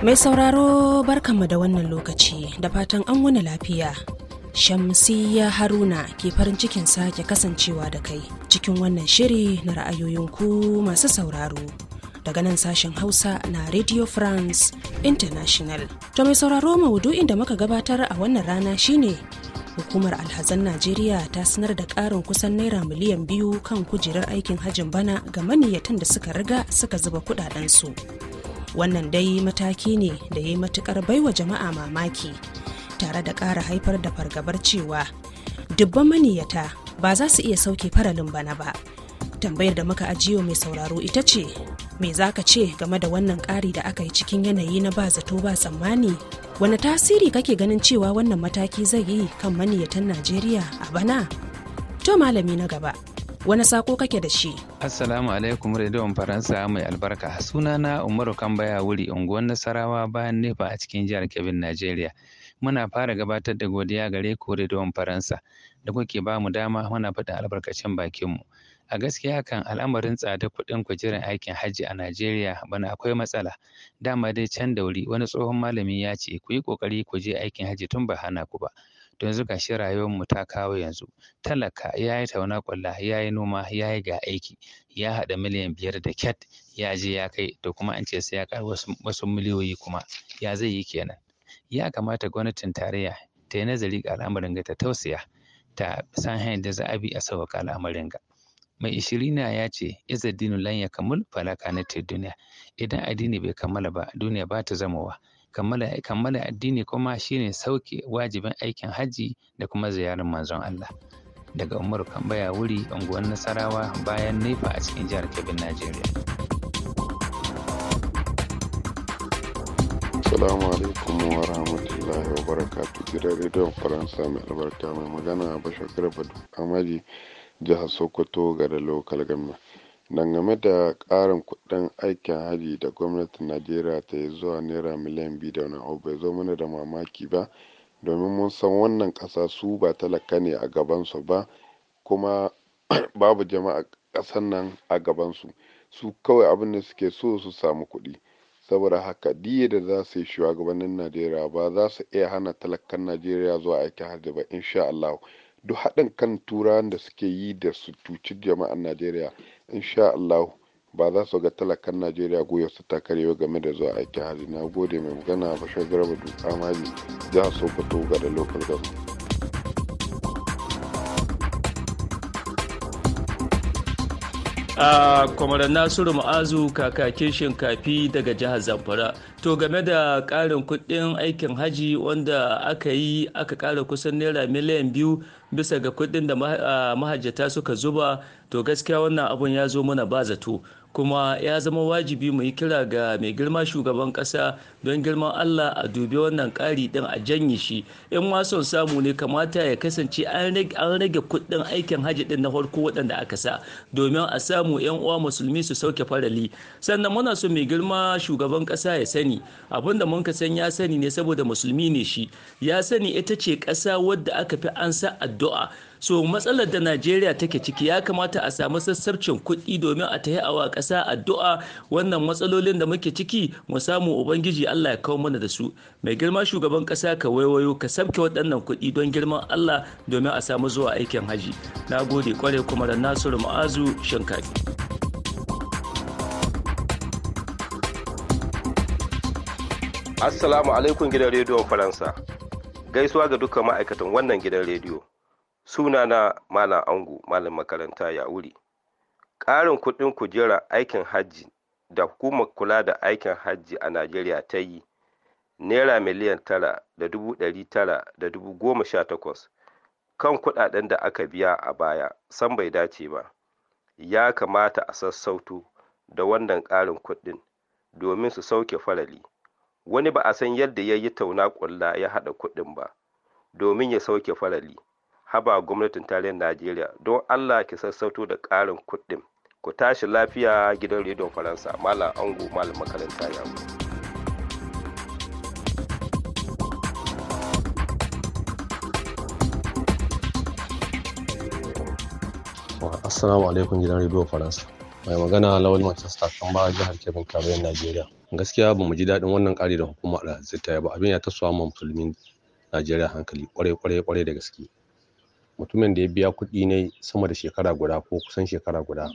Mai sauraro barkanmu da wannan lokaci da fatan an wani lafiya. Shamsiyya Haruna ke farin cikin sake kasancewa da kai cikin wannan shiri na ra'ayoyinku masu sauraro. Daga nan sashen Hausa na Radio France International. To mai sauraro maudu'in da muka gabatar a wannan rana shine hukumar alhazan najeriya ta sanar da ƙarin kusan naira miliyan biyu kan kujerar aikin hajjin bana ga maniyyatan da suka riga suka zuba kudadensu wannan dai mataki ne da ya yi matukar baiwa jama'a mamaki tare da ƙara haifar da fargabar cewa dubban maniyyata ba za su iya sauke faralin bana ba tambayar da muka ajiyo mai sauraro ita ce me za ka ce game da wannan ƙari da aka yi cikin yanayi na ba zato ba tsammani wani tasiri kake ganin cewa wannan mataki zai yi kan maniyatan najeriya a bana to malami na gaba wani sako kake da shi assalamu alaikum rediyon faransa mai albarka Suna na umaru kambaya wuri unguwar nasarawa bayan nefa a cikin jihar kebin najeriya muna fara gabatar da godiya gare ku rediyon faransa da kuke ba mu dama muna faɗin albarkacin bakinmu A gaskiya kan al'amarin tsadar kuɗin kujerar aikin hajji a Najeriya bana akwai matsala. Dama dai can da wuri wani tsohon malami ya ce ku yi ƙoƙari ku je aikin hajji tun ba hana ku ba. Don yanzu ga shi mu ta kawo yanzu. Talaka ya yi tauna ƙwalla, ya yi noma, ya yi ga aiki, ya haɗa miliyan biyar da kyat ya je ya kai da kuma an ce sai ya ƙara wasu miliyoyi kuma. Ya zai yi kenan. Ya kamata gwamnatin tarayya ta yi nazari ga al'amarin ga ta tausaya ta san hanyar da za a bi a sauƙaƙa al'amarin ga. mai ishirina ya ce iza dinu lan ya kamul falaka na duniya idan addini bai kammala ba duniya ba ta zamowa kammala addini kuma shine sauke wajibin aikin hajji da kuma ziyarar manzon Allah daga Umar Kambaya wuri unguwar Nasarawa bayan Nefa a cikin jihar Kebbi Najeriya As-salamu alaikum wa rahmatullahi wa gidan Faransa mai albarka mai magana Bashir Garba Amadi jihar Sokoto ga lokal local government. Dangane da karin kuɗin aikin hajji da gwamnatin Najeriya ta yi zuwa naira miliyan biyu da wani abu bai zo mana da mamaki ba domin mun san wannan kasa su ba talaka ne a gabansu ba kuma babu jama'a kasan nan a gabansu su kawai abin da suke so su samu kuɗi. saboda haka diye da za su yi shugabannin najeriya ba za su iya hana talakan najeriya zuwa aikin hajji ba insha Allah duk haɗin kan turawan da suke yi da su cuci jama'ar najeriya insha allahu ba za su ga talakan najeriya goyon su ta karewa game da zuwa aiki hari na gode mai magana bashar garba dutsa za su sokoto ga da lokal government a kwamarar nasiru ma'azu kakakin shinkafi daga jihar zamfara to game da ƙarin kuɗin aikin haji wanda aka yi aka kara kusan naira miliyan biyu bisa ga kuɗin da mahajjata suka zuba to gaskiya wannan abun ya zo mana ba zato kuma ya zama wajibi mu yi kira ga mai girma shugaban ƙasa don girman allah a dubi wannan ƙari din a janye shi in ma son samu ne kamata ya kasance an rage kuɗin aikin hajji din na farko waɗanda aka sa domin a samu yan uwa musulmi su sauke farali sannan muna so mai girma shugaban ƙasa ya sani abinda mun ka san ya sani ne saboda musulmi ne shi ya sani ita ce ƙasa wadda aka fi an sa addu'a so matsalar da najeriya take ciki ya kamata a samu sassarcin kuɗi domin a tahi awa ƙasa addu'a wannan matsalolin da muke ciki mu samu ubangiji allah ya kawo mana da su mai girma shugaban ƙasa ka waiwayo ka sabke waɗannan kuɗi don girman allah domin a samu zuwa aikin haji na gode kware kuma da nasiru ma'azu shinkari assalamu alaikum gidan rediyon faransa gaisuwa ga dukkan ma'aikatan wannan gidan rediyo sunana malam ango malam makaranta ya wuri ƙarin kuɗin kujera aikin hajji da hukumar kula da aikin hajji a najeriya ta yi naira miliyan tara da dubu ɗari tara da dubu goma sha takwas kan kuɗaɗen da aka biya a baya san bai dace ba ya kamata a sassauto da wannan ƙarin kuɗin domin su sauke farali wani ba a san yadda ya yi tauna ƙulla ya haɗa kuɗin ba domin ya sauke farali haba gwamnatin tarayyar najeriya don allah ki sassauto da ƙarin kuɗin ku tashi lafiya gidan rediyon faransa malam ango malam makaranta ya assalamu alaikum gidan rediyo faransa mai magana lawal manchester kan ba jihar kebin kabayin najeriya gaskiya ba mu ji daɗin wannan ƙari da hukumar da zai ta ba abin ya tasowa ma musulmin najeriya hankali kwarai kwarai kwarai da gaske mutumin da ya biya kuɗi ne sama da shekara guda ko kusan shekara guda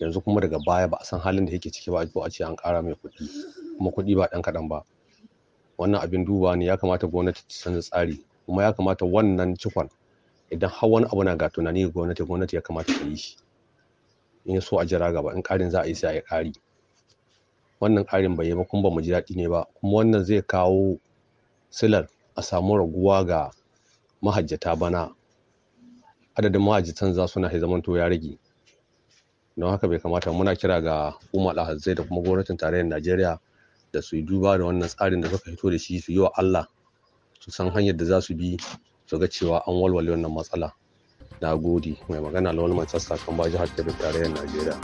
yanzu kuma daga baya ba a san halin da yake ciki ba ko a ce an ƙara mai kuɗi kuma kuɗi ba ɗan kaɗan ba wannan abin duba ne ya kamata gwamnati ta canza tsari kuma ya kamata wannan cikon idan har wani abu na ga tunani ga gwamnati gwamnati ya kamata ta yi shi in so a jira gaba in ƙarin za a yi sai a yi ƙari wannan ƙarin bai yi ba kuma ba mu ji daɗi ne ba kuma wannan zai kawo silar a samu raguwa ga mahajjata bana adadin mahajjitan za su na zamanto ya rage don haka bai kamata muna kira ga umar alhazai da kuma gwamnatin tarayyar najeriya da su yi duba da wannan tsarin da suka fito da shi su yi wa allah su san hanyar da za su bi su ga cewa an walwale wannan matsala na gode mai magana lawal manchester kan ba jihar kebbi tarayyar najeriya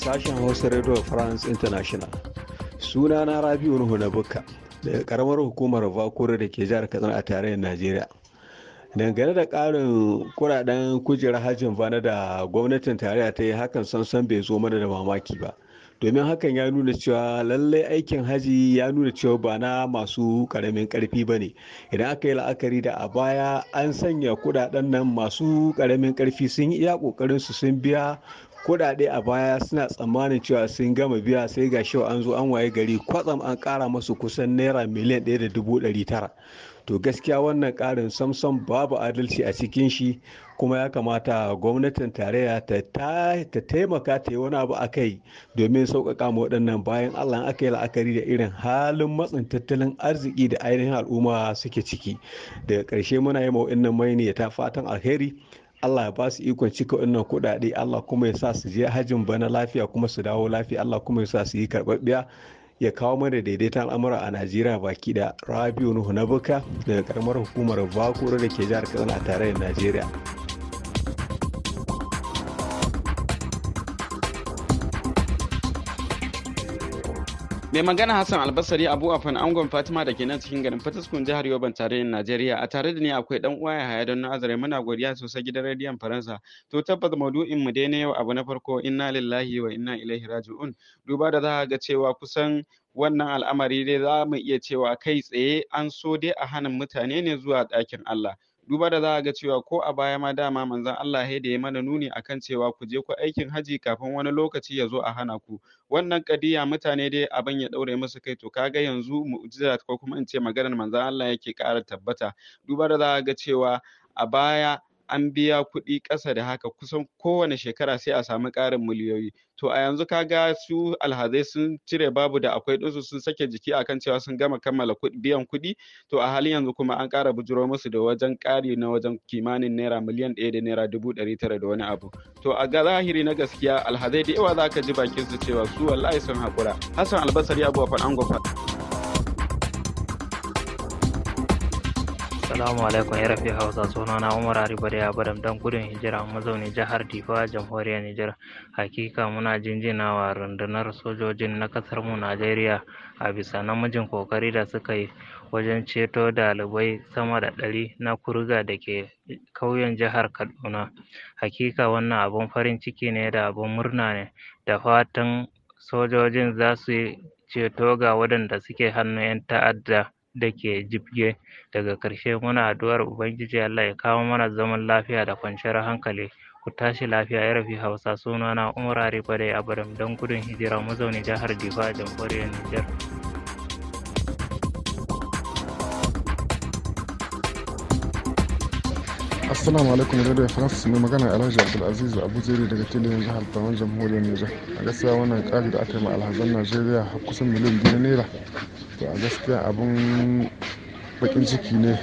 sashen hausa radio france international suna na rabiu nuhu na buka daga karamar hukumar bakure da ke jihar katsina a tarayyar najeriya dangane da karin kuraɗen kujerar hajjin bana da gwamnatin tarayya ta yi hakan sansan bai zo mana da mamaki ba domin hakan ya nuna cewa lallai aikin haji ya nuna cewa ba na masu karamin karfi ba ne idan aka yi la'akari da a baya an sanya kudaden nan masu karamin karfi sun iya kokarin su sun biya kuɗaɗe a baya suna tsammanin cewa sun gama biya sai ga shi an zo an waye gari kwatsam an kara masu kusan naira miliyan ɗaya da dubu ɗari tara to gaskiya wannan karin samson babu adalci a cikin shi kuma ya kamata gwamnatin tarayya ta taimaka ta yi wani abu a kai domin sauƙaƙa ma waɗannan bayan allah aka yi la'akari da irin halin matsin tattalin arziki da ainihin al'umma suke ciki daga ƙarshe muna yi ma nan mai ne ta fatan alheri Allah ya ba su ikon cika wannan kuɗaɗe Allah kuma ya sa su je hajin bana lafiya kuma su dawo lafiya Allah kuma ya sa su yi karɓaɓɓiya ya kawo mana daidaiton al'amura a Najeriya baki da Rabiu Nuhu na Buka daga karamar hukumar Bakura da ke jihar Katsina a tarayyar Najeriya. mai magana hassan albasari abu afan angon fatima da ke nan cikin garin fataskun jihar yoban tarayyar najeriya a tare da ni akwai dan uwa ya haya don nazare muna godiya sosai gidan rediyon faransa to tabbas maudu'in mu dai na yau abu na farko inna lillahi wa inna ilaihi raji'un duba da za ga cewa kusan wannan al'amari dai za mu iya cewa kai tsaye an so dai a hana mutane ne zuwa ɗakin Allah duba da za a ga cewa ko a baya ma dama manzon Allah da ya mana nuni akan cewa ku je ku aikin haji kafin wani lokaci ya zo a hana ku wannan kadiya mutane dai abin ya ɗaure musu kai to kaga yanzu mu'jiza ko kuma in ce maganar manzon Allah yake ƙara tabbata duba da za a ga cewa a baya an biya kuɗi ƙasa da haka kusan kowane shekara sai a samu ƙarin miliyoyi to a yanzu ka ga su alhazai sun cire babu da akwai ɗinsu sun sake jiki akan cewa sun gama kammala biyan kuɗi to a halin yanzu kuma an ƙara bujuro musu da wajen ƙari na wajen kimanin naira miliyan ɗaya da naira dubu ɗari tara da wani abu to a ga zahiri na gaskiya alhazai da yawa za ka ji bakin su cewa su wallahi sun haƙura hassan albasari abubakar faɗan Assalamu alaikum ya rafi Hausa suna na Umar hariba da Yabadam dan gudun hijira mazauni jihar Difa jamhuriyar Nijar. Hakika muna jinjina wa rundunar sojojin na kasar mu Najeriya a bisa namijin kokari da suka yi wajen ceto dalibai sama da ɗari na kuruga da ke kauyen jihar Kaduna. Hakika wannan abun farin ciki ne da abun murna ne da fatan sojojin za su ceto ga waɗanda suke hannu 'yan ta'adda. da ke jibge. Daga ƙarshe muna addu'ar Ubangiji Allah ya kawo mana zaman lafiya da kwanciyar hankali. Ku tashi lafiya ya rafi Hausa sunana Umar Harifare Abadam don gudun hijira mazauni jihar Difa a jamhuriyar Nijar. Assalamu alaikum Radio France mai magana Alhaji Abdulaziz Abu Zairi daga Tiliyan jihar Tawan Jamhuriyar niger A gaskiya wannan kari da aka yi ma alhazan Najeriya har kusan miliyan biyu naira. To a gaskiya abun bakin ciki ne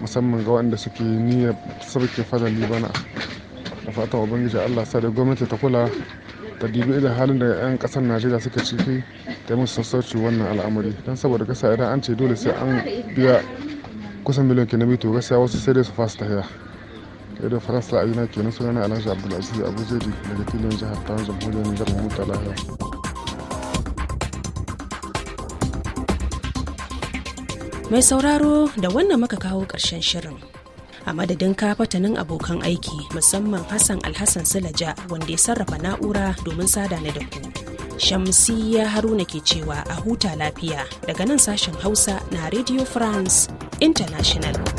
musamman ga wanda suke niyyar sarki fadali bana. Da fatan Ubangiji Allah sa da gwamnati ta kula ta dibi da halin da 'yan ƙasar nigeria suka ciki ta musu sassauci wannan al'amari. Don saboda kasa idan an ce dole sai an biya kusan miliyan kilomita gaskiya wasu sai dai su fasa tahiya. faransa France ra'ayi na kenan sunana Alhaji Abdulaziz Abu zai daga filin jihar ta Jamhuriyar Nijar mu ta Mai sauraro da wannan muka kawo ƙarshen shirin. a madadin kafatanin abokan aiki musamman hassan alhassan silaja wanda ya sarrafa na'ura domin sada na da ku shamsiyya haruna ke cewa a huta lafiya daga nan sashen hausa na radio france international